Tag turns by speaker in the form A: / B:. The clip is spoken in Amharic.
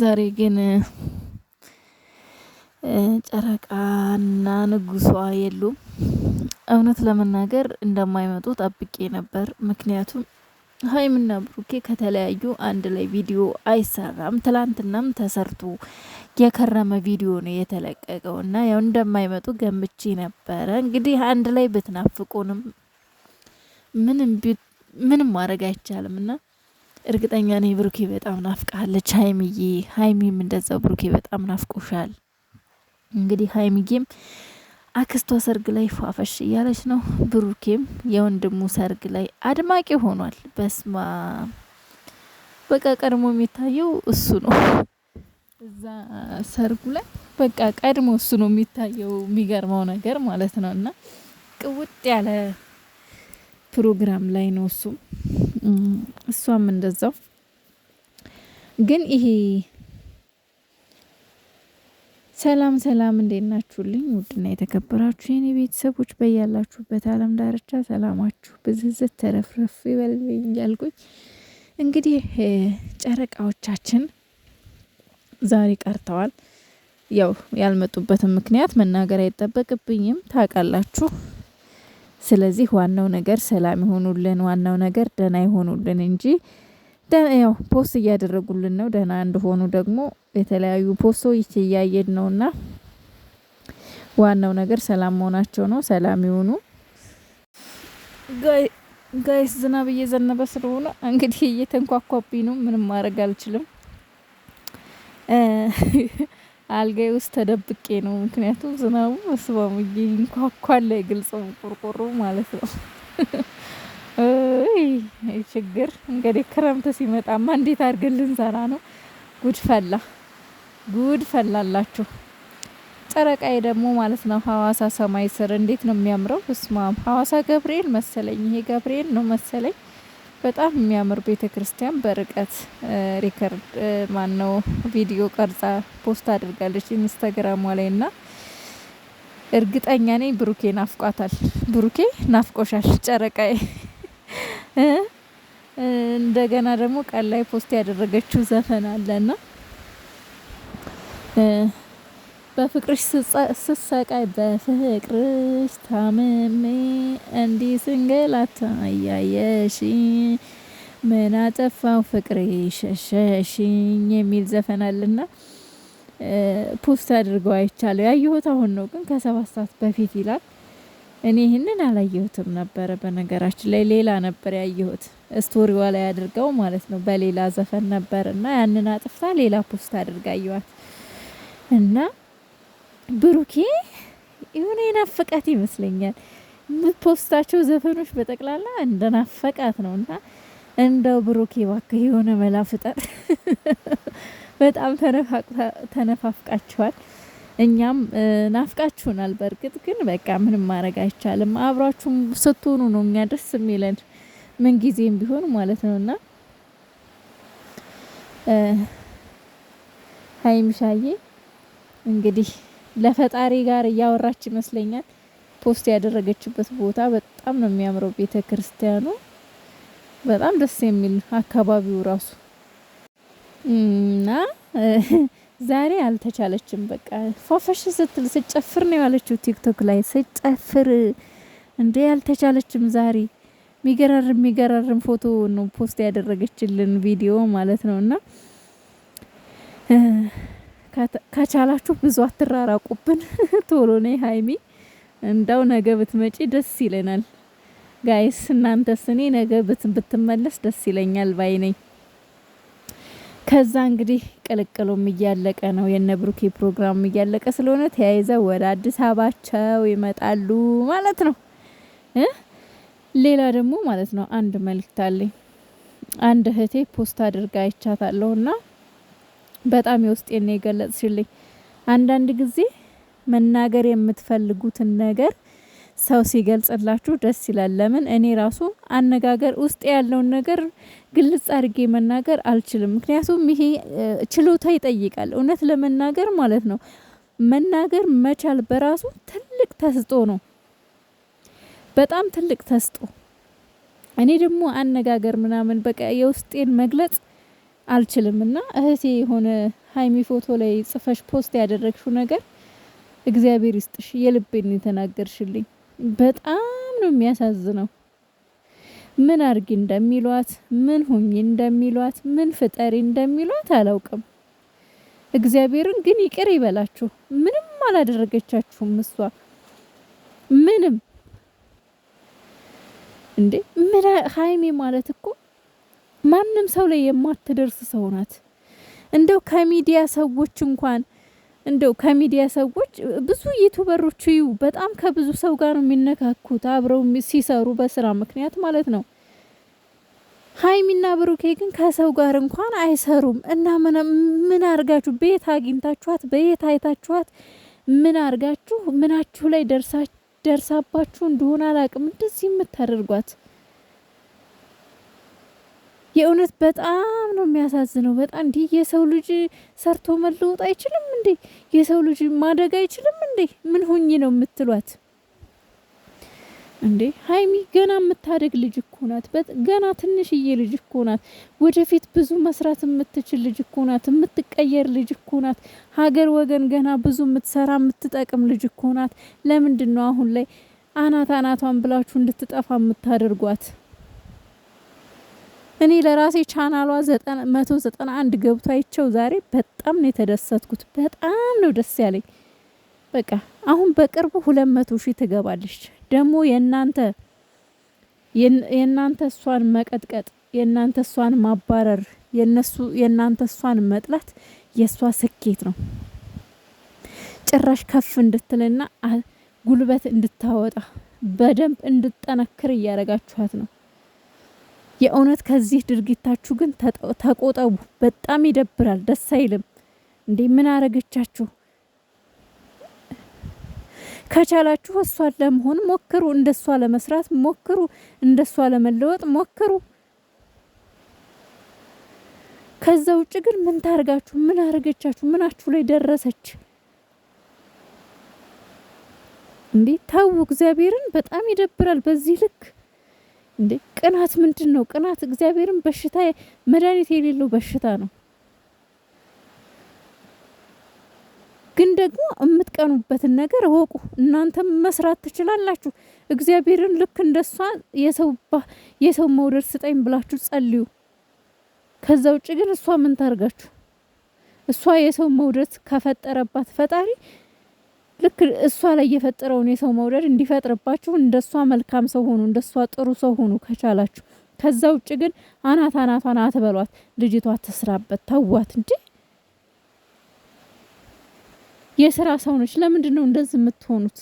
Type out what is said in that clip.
A: ዛሬ ግን ጨረቃና ንጉሷ የሉም። እውነት ለመናገር እንደማይመጡ ጠብቄ ነበር። ምክንያቱም ሀይሚና ብሩኬ ከተለያዩ አንድ ላይ ቪዲዮ አይሰራም። ትላንትናም ተሰርቶ የከረመ ቪዲዮ ነው የተለቀቀው እና ያው እንደማይመጡ ገምቼ ነበረ። እንግዲህ አንድ ላይ ብትናፍቁንም ምንም ማድረግ አይቻልም እና እርግጠኛ ነኝ ብሩኬ በጣም ናፍቃለች ሀይሚዬ። ሀይሚም እንደዛው ብሩኬ በጣም ናፍቆሻል። እንግዲህ ሀይምዬም አክስቷ ሰርግ ላይ ፏፈሽ እያለች ነው። ብሩኬም የወንድሙ ሰርግ ላይ አድማቂ ሆኗል። በስማ በቃ ቀድሞ የሚታየው እሱ ነው። እዛ ሰርጉ ላይ በቃ ቀድሞ እሱ ነው የሚታየው። የሚገርመው ነገር ማለት ነው እና ቅውጥ ያለ ፕሮግራም ላይ ነው እሱም እሷም እንደዛው ግን ይሄ ሰላም ሰላም፣ እንዴት ናችሁልኝ? ውድና የተከበራችሁ የኔ ቤተሰቦች በያላችሁበት አለም ዳርቻ ሰላማችሁ ብዝዝት ተረፍረፍ ይበልልኝ እያልኩኝ እንግዲህ ጨረቃዎቻችን ዛሬ ቀርተዋል። ያው ያልመጡበትን ምክንያት መናገር አይጠበቅብኝም ታውቃላችሁ። ስለዚህ ዋናው ነገር ሰላም ይሆኑልን፣ ዋናው ነገር ደህና ይሆኑልን እንጂ ያው ፖስት እያደረጉልን ነው። ደህና እንደሆኑ ደግሞ የተለያዩ ፖስቶች እያየን ነውና ዋናው ነገር ሰላም መሆናቸው ነው። ሰላም ይሆኑ ጋይስ። ዝናብ እየዘነበ ስለሆነ እንግዲህ እየተንኳኳብኝ ነው። ምንም ማድረግ አልችልም። አልጋይ ውስጥ ተደብቄ ነው። ምክንያቱም ዝናቡ መስባሙ ይንኳኳል ላይ ግልጽ ቆርቆሮ ማለት ነው። ችግር እንግዲህ ክረምት ሲመጣማ እንዴት አድርገን ልንሰራ ነው? ጉድ ፈላ። ጉድ ፈላላችሁ። ጨረቃዬ ደግሞ ማለት ነው ሀዋሳ ሰማይ ስር እንዴት ነው የሚያምረው! እስማም ሀዋሳ ገብርኤል መሰለኝ ይሄ ገብርኤል ነው መሰለኝ። በጣም የሚያምር ቤተ ክርስቲያን በርቀት ሪከርድ ነው ቪዲዮ ቀርጻ ፖስት አድርጋለች ኢንስታግራሟ ላይ እና እርግጠኛ ነኝ ብሩኬ ናፍቋታል። ብሩኬ ናፍቆሻል ጨረቃዬ። እንደገና ደግሞ ቀን ላይ ፖስት ያደረገችው ዘፈን አለና በፍቅርሽ ስሰቃይ በፍቅርሽ ታምሜ እንዲህ ስንገላታ እያየሽ ምን አጠፋው ፍቅሬ ሸሸሽኝ የሚል ዘፈን አለና ፖስት አድርገው አይቻለሁ። ያየሁት አሁን ነው ግን ከሰባት ሰዓት በፊት ይላል። እኔ ይህንን አላየሁትም ነበረ። በነገራችን ላይ ሌላ ነበር ያየሁት፣ ስቶሪዋ ላይ አድርገው ማለት ነው። በሌላ ዘፈን ነበር እና ያንን አጥፍታ ሌላ ፖስት አድርጋ አየዋት። እና ብሩኬ የሆነ የናፈቃት ይመስለኛል የምትፖስታቸው ዘፈኖች በጠቅላላ እንደ ናፈቃት ነው እና እንደው ብሩኬ እባክህ የሆነ መላ ፍጠር። በጣም ተነፋፍቃችኋል፣ እኛም ናፍቃችሁናል። በእርግጥ ግን በቃ ምንም ማድረግ አይቻልም። አብሯችሁም ስትሆኑ ነው እኛ ደስ የሚለን ምንጊዜም ቢሆን ማለት ነው ነውና ሀይሚሻዬ እንግዲህ ለፈጣሪ ጋር እያወራች ይመስለኛል። ፖስት ያደረገችበት ቦታ በጣም ነው የሚያምረው። ቤተ ክርስቲያኑ በጣም ደስ የሚል አካባቢው ራሱ እና ዛሬ አልተቻለችም። በቃ ፏፈሽ ስትል ስጨፍር ነው ያለችው ቲክቶክ ላይ ስጨፍር እንዴ አልተቻለችም። ዛሬ ሚገራርም ሚገራርም ፎቶ ነው ፖስት ያደረገችልን ቪዲዮ ማለት ነውና ከቻላችሁ ብዙ አትራራቁብን። ቶሎ ነይ ሀይሚ፣ እንዳው ነገ ብትመጪ ደስ ይለናል። ጋይስ እናንተስ? እኔ ነገ ብትመለስ ደስ ይለኛል ባይ ነኝ። ከዛ እንግዲህ ቅልቅሉም እያለቀ ነው፣ የነ ብሩኬ ፕሮግራም እያለቀ ስለሆነ ተያይዘው ወደ አዲስ አበባቸው ይመጣሉ ማለት ነው። ሌላ ደግሞ ማለት ነው አንድ መልእክት አለኝ። አንድ እህቴ ፖስት አድርጋ አይቻታለሁና በጣም የውስጤን ነው የገለጽሽልኝ። አንዳንድ ጊዜ መናገር የምትፈልጉትን ነገር ሰው ሲገልጽላችሁ ደስ ይላል። ለምን እኔ ራሱ አነጋገር ውስጥ ያለውን ነገር ግልጽ አድርጌ መናገር አልችልም። ምክንያቱም ይሄ ችሎታ ይጠይቃል፣ እውነት ለመናገር ማለት ነው። መናገር መቻል በራሱ ትልቅ ተስጦ ነው፣ በጣም ትልቅ ተስጦ። እኔ ደግሞ አነጋገር ምናምን በቃ የውስጤን መግለጽ አልችልም እና እህቴ የሆነ ሀይሚ ፎቶ ላይ ጽፈሽ ፖስት ያደረግሽው ነገር እግዚአብሔር ይስጥሽ፣ የልቤን የተናገርሽልኝ በጣም ነው የሚያሳዝነው። ምን አርጊ እንደሚሏት ምን ሁኚ እንደሚሏት ምን ፍጠሪ እንደሚሏት አላውቅም። እግዚአብሔርን ግን ይቅር ይበላችሁ። ምንም አላደረገቻችሁም። እሷ ምንም እንዴ ምን ሀይሜ ማለት እኮ ማንም ሰው ላይ የማትደርስ ሰው ናት። እንደው ከሚዲያ ሰዎች እንኳን እንደው ከሚዲያ ሰዎች ብዙ ዩቱበሮች ዩ በጣም ከብዙ ሰው ጋር ነው የሚነካኩት አብረው ሲሰሩ በስራ ምክንያት ማለት ነው። ሀይሚና ብሩኬ ግን ከሰው ጋር እንኳን አይሰሩም። እና ምን አርጋችሁ በየት አግኝታችኋት፣ በየት አይታችኋት፣ ምን አርጋችሁ ምናችሁ ላይ ደርሳባችሁ እንደሆነ አላቅም እንደዚህ የምታደርጓት የእውነት በጣም ነው የሚያሳዝነው። በጣም እንዲህ የሰው ልጅ ሰርቶ መለወጥ አይችልም እንዴ? የሰው ልጅ ማደግ አይችልም እንዴ? ምን ሁኝ ነው የምትሏት እንዴ? ሀይሚ ገና የምታደግ ልጅ እኮ ናት። ገና ትንሽዬ ልጅ እኮ ናት። ወደፊት ብዙ መስራት የምትችል ልጅ እኮ ናት። የምትቀየር ልጅ እኮ ናት። ሀገር ወገን ገና ብዙ የምትሰራ የምትጠቅም ልጅ እኮ ናት። ለምንድን ነው አሁን ላይ አናት አናቷን ብላችሁ እንድትጠፋ የምታደርጓት? እኔ ለራሴ ቻናሏ መቶ ዘጠና ገብቶ አይቸው ዛሬ በጣም ነው የተደሰትኩት። በጣም ነው ደስ ያለኝ። በቃ አሁን በቅርቡ ሁለት መቶ ሺህ ትገባለች። ደግሞ የእናንተ የእናንተ እሷን መቀጥቀጥ የእናንተ እሷን ማባረር የነሱ የእናንተ እሷን መጥላት የእሷ ስኬት ነው። ጭራሽ ከፍ እንድትልና ጉልበት እንድታወጣ በደንብ እንድጠነክር እያደረጋችኋት ነው። የእውነት ከዚህ ድርጊታችሁ ግን ተቆጠቡ። በጣም ይደብራል፣ ደስ አይልም። እንዴ ምን አረገቻችሁ? ከቻላችሁ እሷን ለመሆን ሞክሩ፣ እንደሷ ለመስራት ሞክሩ፣ እንደሷ ለመለወጥ ሞክሩ። ከዛ ውጭ ግን ምን ታርጋችሁ? ምን አረገቻችሁ? ምናችሁ ላይ ደረሰች? እንዴ ተው፣ እግዚአብሔርን በጣም ይደብራል በዚህ ልክ እንዴ ቅናት ምንድን ነው ቅናት? እግዚአብሔርን በሽታ መድኃኒት የሌለው በሽታ ነው። ግን ደግሞ የምትቀኑበትን ነገር እወቁ። እናንተም መስራት ትችላላችሁ። እግዚአብሔርን ልክ እንደሷ የሰው መውደድ ስጠኝ ብላችሁ ጸልዩ። ከዛ ውጭ ግን እሷ ምን ታርጋችሁ? እሷ የሰው መውደድ ከፈጠረባት ፈጣሪ ልክ እሷ ላይ የፈጠረውን የሰው መውደድ እንዲፈጥርባችሁ እንደሷ መልካም ሰው ሆኑ፣ እንደሷ ጥሩ ሰው ሆኑ ከቻላችሁ። ከዛ ውጭ ግን አናት አናቷን አትበሏት። ልጅቷ ትስራበት፣ ተዋት እንጂ የስራ ሰው ነች። ለምንድን ነው እንደዚህ የምትሆኑት?